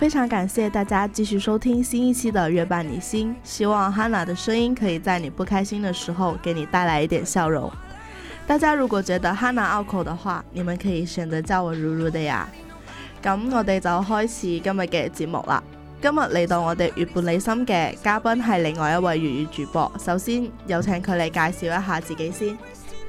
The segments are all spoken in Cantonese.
非常感謝大家繼續收聽新一期的《月半你心》，希望 Hana 的聲音可以在你不開心的時候給你帶來一點笑容。大家如果覺得 Hana 拗口的話，你們可以選擇叫我如如的呀。咁我哋就開始今日嘅節目啦。今日嚟到我哋《月半你心》嘅嘉賓係另外一位粵語主播，首先有請佢嚟介紹一下自己先。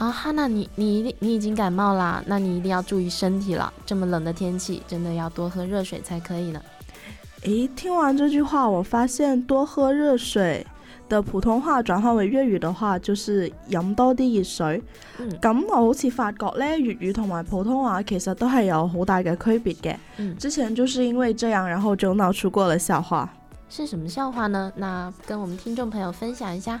啊哈，那你你一定你已經感冒啦，那你一定要注意身體了。這麼冷的天氣，真的要多喝熱水才可以呢。誒，聽完這句話，我發現多喝熱水的普通話轉換為粵語的話就是飲多啲熱水。嗯，咁我好似發覺咧，粵語同埋普通話其實都係有好大嘅區別嘅。嗯。之前就是因為這樣，然後就鬧出過了笑話。是什麼笑話呢？那跟我們聽眾朋友分享一下。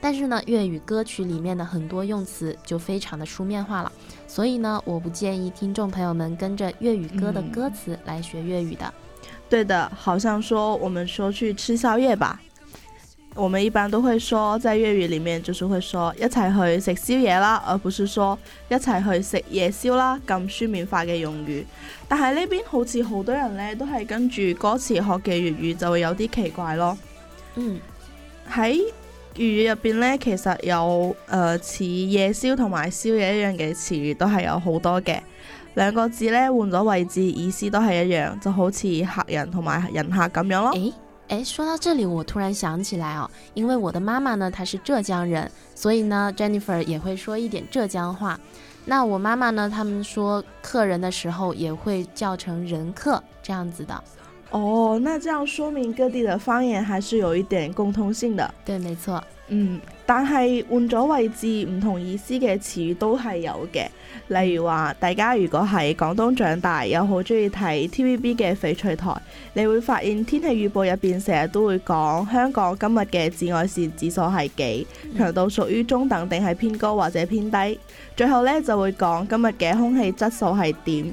但是呢，粵語歌曲裏面的很多用詞就非常的書面化了，所以呢，我不建議聽眾朋友們跟着粵語歌的歌詞來學粵語的。嗯，對的，好像說我們說去吃宵夜吧，我們一般都會說在粵語裏面就是會說一齊去食宵夜啦，而不是說一齊去食夜宵啦，咁書面化嘅用語。但係呢邊好似好多人呢都係跟住歌詞學嘅粵語就會有啲奇怪咯。嗯，喺。粵語入邊呢，其實有誒似、呃、夜宵同埋宵夜一樣嘅詞語，都係有好多嘅。兩個字呢換咗位置，意思都係一樣，就好似客人同埋人客咁樣咯。誒誒、欸，說、欸、到這裡，我突然想起來哦，因為我的媽媽呢，她是浙江人，所以呢 Jennifer 也會說一點浙江話。那我媽媽呢，他們說客人的時候，也會叫成人客，這樣子的。哦，oh，那這樣說明各地的方言還是有一點共通性的。對，沒錯。嗯，但係換咗位置，唔同意思嘅詞語都係有嘅。例如話，大家如果喺廣東長大，有好中意睇 TVB 嘅翡翠台，你會發現天氣預報入邊成日都會講香港今日嘅紫外線指數係幾，強、嗯、度屬於中等定係偏高或者偏低，最後呢，就會講今日嘅空氣質素係點。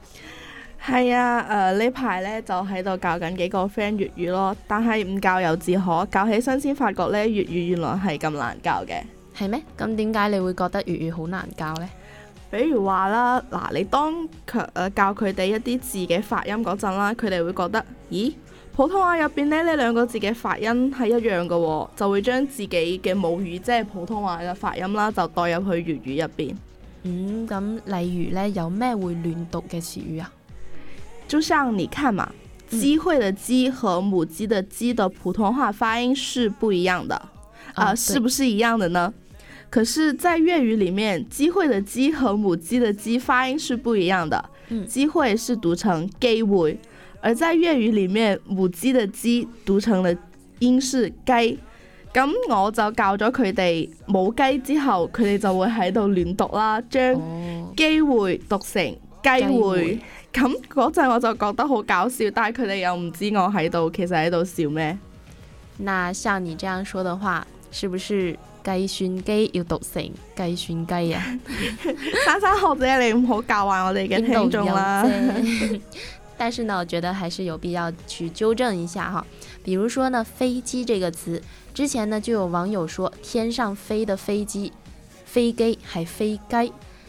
係啊，誒、呃、呢排呢就喺度教緊幾個 friend 粵語咯，但係唔教又自可教起身先，發覺呢粵語原來係咁難教嘅，係咩？咁點解你會覺得粵語好難教呢？比如話啦，嗱你當佢、呃、教佢哋一啲字嘅發音嗰陣啦，佢哋會覺得咦普通話入邊呢，呢兩個字嘅發音係一樣嘅喎，就會將自己嘅母語即係、就是、普通話嘅發音啦，就代入去粵語入邊。嗯，咁例如呢，有咩會亂讀嘅詞語啊？就像你看嘛，機會的“機”和母雞的“雞”的普通話發音是不一樣的啊，啊，是不是一樣的呢？可是，在粵語裏面，機會的“機”和母雞的“雞”發音是不一樣的。機會、嗯、是讀成 “gay 會”，而在粵語裏面，母雞的“雞”讀成了音是“雞”。咁我就教咗佢哋母雞之後，佢哋就會喺度亂讀啦，將機會讀成雞會。雞咁嗰陣我就覺得好搞笑，但係佢哋又唔知我喺度，其實喺度笑咩？那像你這樣說的話，是不是計算機要讀成計算機啊？珊珊 學姐，你唔好教壞我哋嘅聽眾啦。 但是呢，我覺得還是有必要去糾正一下哈。比如說呢，飛機這個詞，之前呢就有網友說天上飛的飛機，飛機係飛雞。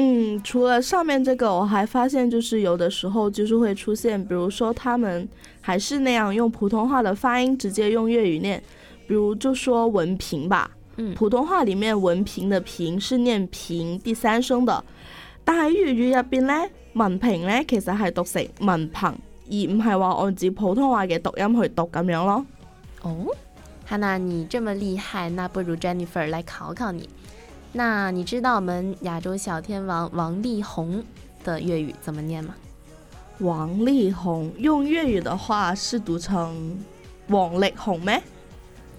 嗯，除了上面這個，我還發現就是有的時候就是會出現，比如說他們還是那樣用普通話的發音直接用粵語念，比如就說文憑吧，嗯，普通話裏面文憑的憑是念平第三聲的，但係粵語入邊咧，文憑咧其實係讀成文憑，而唔係話按照普通話嘅讀音去讀咁樣咯。哦，哈娜，你這麼厲害，那不如 Jennifer 來考考你。那你知道我們亞洲小天王王力宏的粵語怎麼念嗎？王力宏用粵語的話是讀成王力宏咩？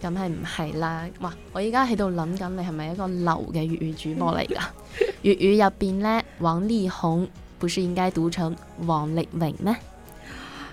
咁係唔係啦？哇！我而家喺度諗緊，你係咪一個流嘅 粵語主播嚟㗎？粵語入邊咧，王力宏不是應該讀成王力宏咩？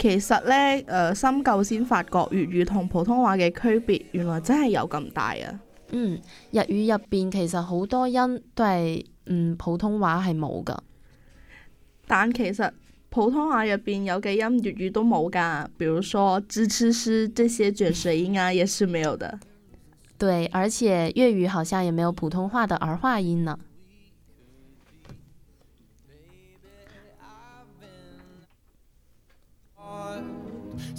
其實咧，誒、呃，深究先發覺粵語同普通話嘅區別，原來真係有咁大啊。嗯，日語入邊其實好多音都係嗯普通話係冇噶，但其實普通話入邊有嘅音粵語都冇噶，比如說 zh、ch、sh 這些捲舌音啊，也是沒有的。嗯、對，而且粵語好像也沒有普通話的兒化音呢。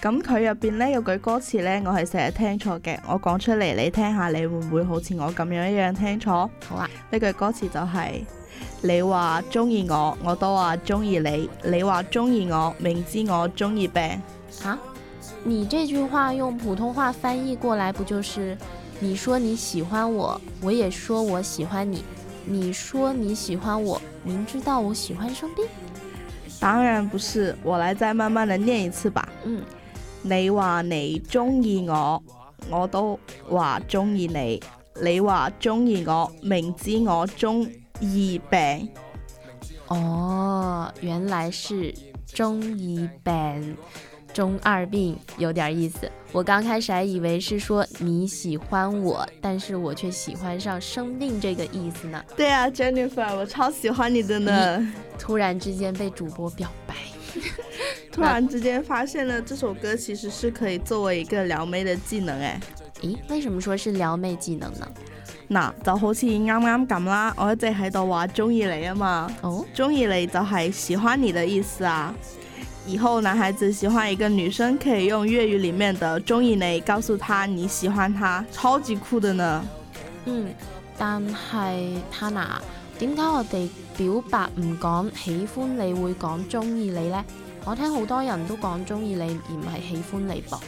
咁佢入邊呢有句歌詞呢，我係成日聽錯嘅，我講出嚟，你聽下你會唔會好似我咁樣一樣聽錯？好啊，呢句歌詞就係你話中意我，我都話中意你。你話中意我，明知我中意病。啊？你這句話用普通話翻譯過來不就是你說你喜歡我，我也說我喜歡你。你說你喜歡我，明知道我喜歡生病？當然不是，我來再慢慢地念一次吧。嗯。你話你中意我，我都話中意你。你話中意我，明知我中二病。哦，oh，原來是中二病，中二病有點意思。我剛開始還以為是說你喜歡我，但是我卻喜歡上生病這個意思呢。對啊，Jennifer，我超喜歡你的呢。突然之間被主播表白。 突然之間發現了這首歌其實是可以作為一個撩妹的技能哎，咦？為什麼說是撩妹技能呢？嗱，就好似啱啱咁啦，我一直喺度話中意你啊嘛。哦，中意你就係喜歡你的意思啊。以後男孩子喜歡一個女生可以用粵語裏面的中意你告訴他你喜歡他，超級酷的呢。嗯，但係他 a n 點解我哋表白唔講喜歡你會講中意你呢？我聽好多人都講中意你而唔係喜歡你噃，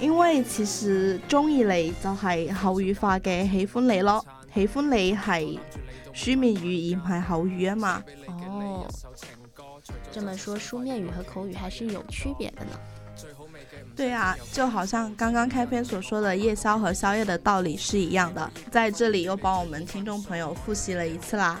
因為其實中意你就係口語化嘅喜歡你咯，喜歡你係書面語言唔係口語啊嘛。哦，這麼說書面語和口語還是有區別的呢。對啊，就好像剛剛開篇所說的夜宵和宵夜的道理是一樣的，在這裏又幫我們聽眾朋友復習了一次啦。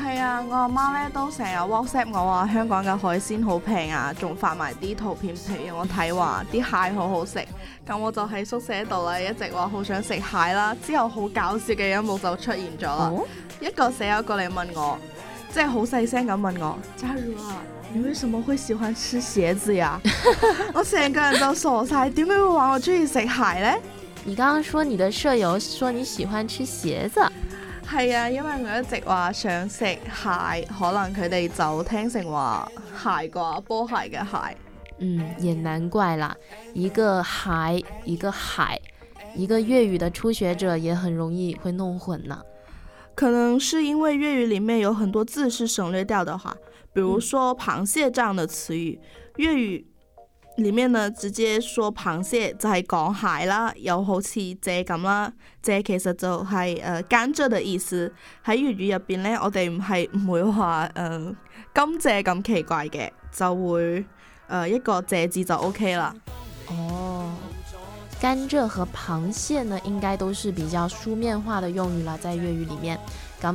係啊，我阿媽咧都成日 WhatsApp 我話香港嘅海鮮好平啊，仲發埋啲圖片俾我睇話啲蟹好好食。咁我就喺宿舍度啦，一直話好想食蟹啦。之後好搞笑嘅一幕就出現咗啦，Oh? 一個舍友過嚟問我，即係好細聲咁問我，嘉如啊，你為什麼會喜歡吃鞋子呀？ 我成個人就傻晒，點解會話我中意食蟹呢？你剛剛說你的舍友說你喜歡吃鞋子？係啊，因為我一直話想食蟹，可能佢哋就聽成話蟹啩，波鞋嘅蟹。嗯，也難怪啦，一個蟹，一個鞋，一個粵語的初學者也很容易會弄混啦。可能是因為粵語裏面有很多字是省略掉的哈，比如說螃蟹這樣的詞語，嗯、粵語。裏面呢，直接說螃蟹就係、是、講蟹啦，又好似蔗咁啦，蔗其實就係、是、誒、呃、甘蔗的意思喺粵語入邊呢，我哋唔係唔會話誒、呃、甘蔗咁奇怪嘅，就會誒、呃、一個蔗字就 O K 啦。哦，oh, 甘蔗和螃蟹呢，應該都是比較書面化的用語啦，在粵語裏面咁。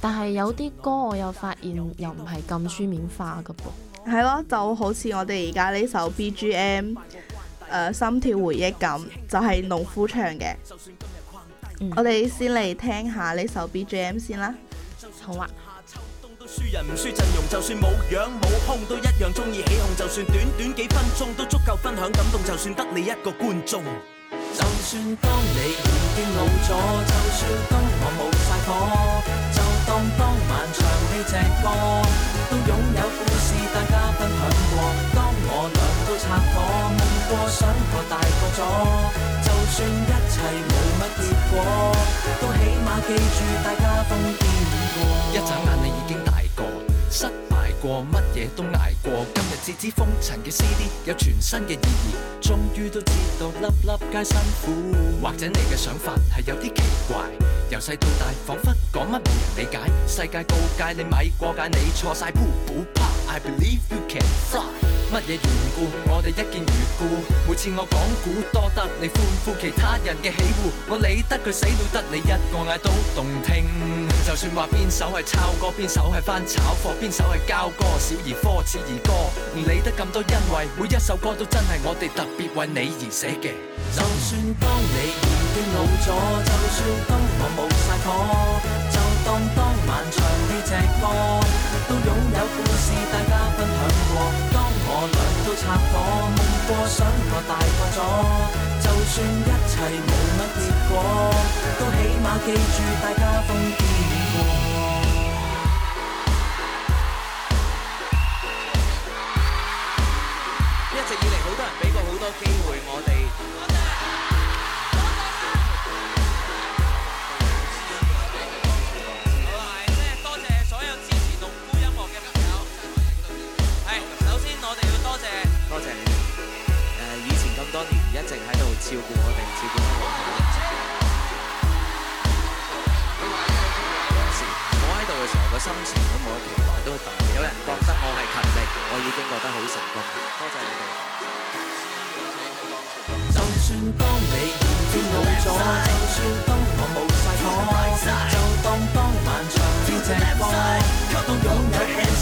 但係有啲歌我又發現又唔係咁書面化噶噃，係咯，就好似我哋而家呢首 BGM，誒，心跳回憶咁，就係農夫唱嘅。我哋先嚟聽下呢首 BGM 先啦。好啊。當當晚唱起隻歌，都擁有故事，大家分享過。當我兩都拆伙，夢過想過大個咗，就算一切冇乜結果，都起碼記住大家瘋癲過。一眨眼你已經大個。失過乜嘢都挨過，今日知知封塵嘅 CD 有全新嘅意義，終於都知道粒粒皆辛苦。或者你嘅想法係有啲奇怪，由細到大，仿佛講乜冇人理解。世界告誡你咪過界，你錯晒。I believe you can fly。乜嘢緣故，我哋一見如故。每次我講古多，多得你歡呼，其他人嘅喜惡，我理得佢死，了得你一個嗌都動聽。就算話邊首係抄歌，邊首係翻炒貨，邊首係交歌，小兒科，次兒歌，唔理得咁多，因為每一首歌都真係我哋特別為你而寫嘅。就算當你已經老咗，就算當我冇晒火，就當當。漫長呢隻歌，都擁有故事，大家分享過。當我倆都插火，夢過想過大個咗，就算一切冇乜結果，都起碼記住大家。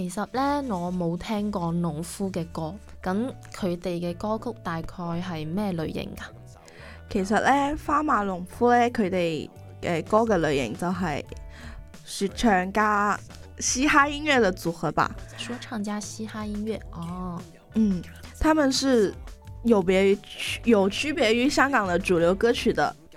其實咧，我冇聽過農夫嘅歌，咁佢哋嘅歌曲大概係咩類型噶？其實咧，花馬農夫咧，佢哋嘅歌嘅類型就係說唱加嘻哈音樂嘅組合吧。說唱加嘻哈音樂，哦，嗯，他們是有別於有區別於香港嘅主流歌曲的。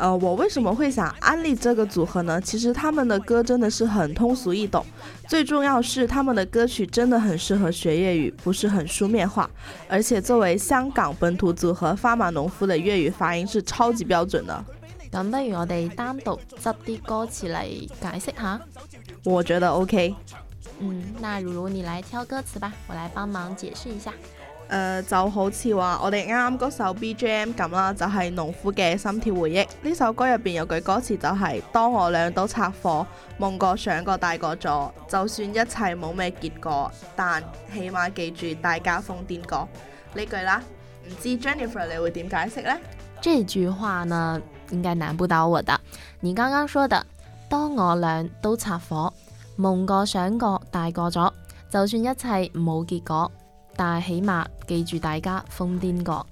呃，我為什麼會想安利這個組合呢？其實他們的歌真的是很通俗易懂，最重要是他們的歌曲真的很適合學粵語，不是很書面化。而且作為香港本土組合，發馬農夫的粵語發音是超級標準的。咁不如我哋單獨執啲歌詞嚟解釋下？我覺得 OK。嗯，那如如你來挑歌詞吧，我來幫忙解釋一下。誒、uh，就好似話我哋啱啱嗰首 BGM 咁啦，就係、是、農夫嘅心跳回憶。呢首歌入邊有句歌詞就係、是：當我倆都拆火，夢過想過大過咗，就算一切冇咩結果，但起碼記住大家瘋癲過呢句啦。唔知 Jennifer 你會點解釋呢？這句話呢應該難不倒我的。你剛剛說的，當我倆都拆火，夢過想過大過咗，就算一切冇結果。但起碼記住大家瘋癲過，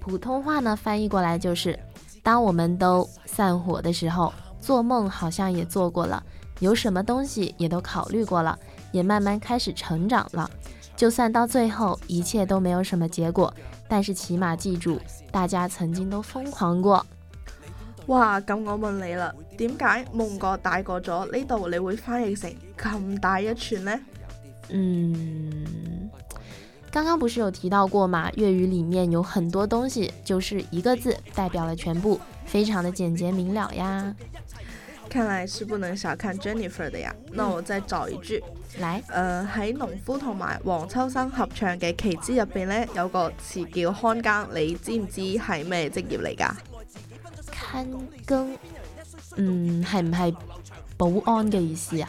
普通話呢翻譯過來就是：當我們都散夥的時候，做夢好像也做過了，有什麼東西也都考慮過了，也慢慢開始成長了。就算到最後一切都沒有什麼結果，但是起碼記住，大家曾經都瘋狂過。哇，咁我問你啦，點解夢過大過咗呢度，你會翻譯成咁大一串呢？嗯。剛剛不是有提到過嗎？粵語裏面有很多東西，就是一個字代表了全部，非常的簡潔明了呀。看來是不能小看 Jennifer 的呀。那、no，我再找一句來。呃，喺農夫同埋黃秋生合唱嘅《棋子》入邊呢，有個詞叫看更，你知唔知係咩職業嚟噶？看更，嗯，係唔係保安嘅意思啊？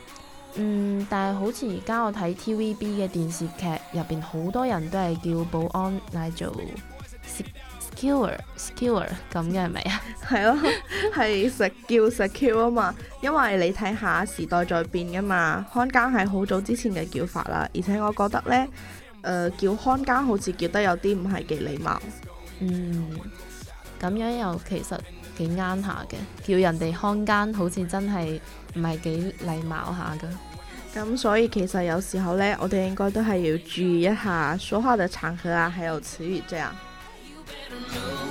嗯，但係好似而家我睇 TVB 嘅電視劇入邊，好多人都係叫保安嚟做 secure，secure 咁嘅，係咪啊？係咯，係實叫 secure 啊嘛，因為你睇下時代在變噶嘛，看更係好早之前嘅叫法啦，而且我覺得呢，呃，誒叫看更好似叫得有啲唔係幾禮貌，嗯，咁樣又其實。幾啱下嘅，叫人哋看奸好似真係唔係幾禮貌下噶咁所以其實有時候呢，我哋應該都係要注意一下說話嘅場合啊，還有詞語這樣。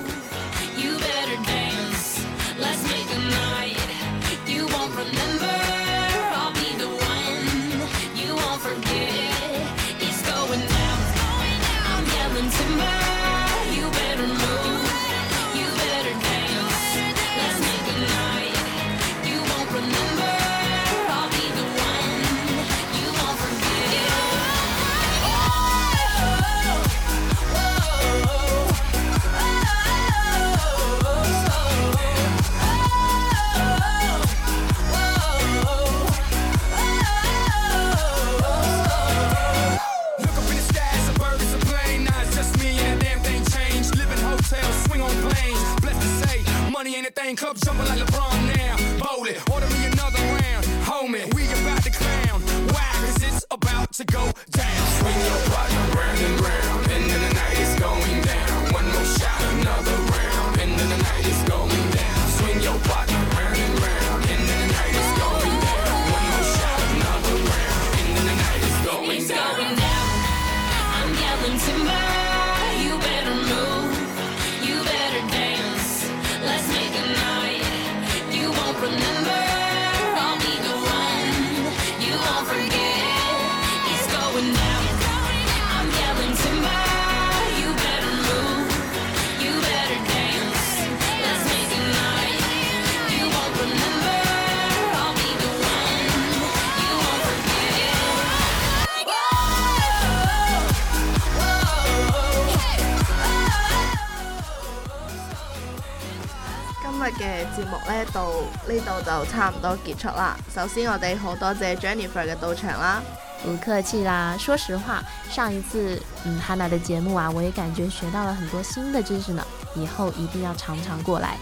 節目咧到呢度就差唔多結束啦。首先我哋好多謝 Jennifer 嘅到場啦，不客氣啦。說實話，上一次嗯，Hanna 嘅節目啊，我也感覺學到了很多新的知識呢。以後一定要常常過來。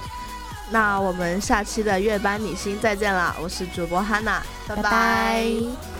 那我們下期的月班女星再見啦，我是主播 Hanna，拜拜。Bye bye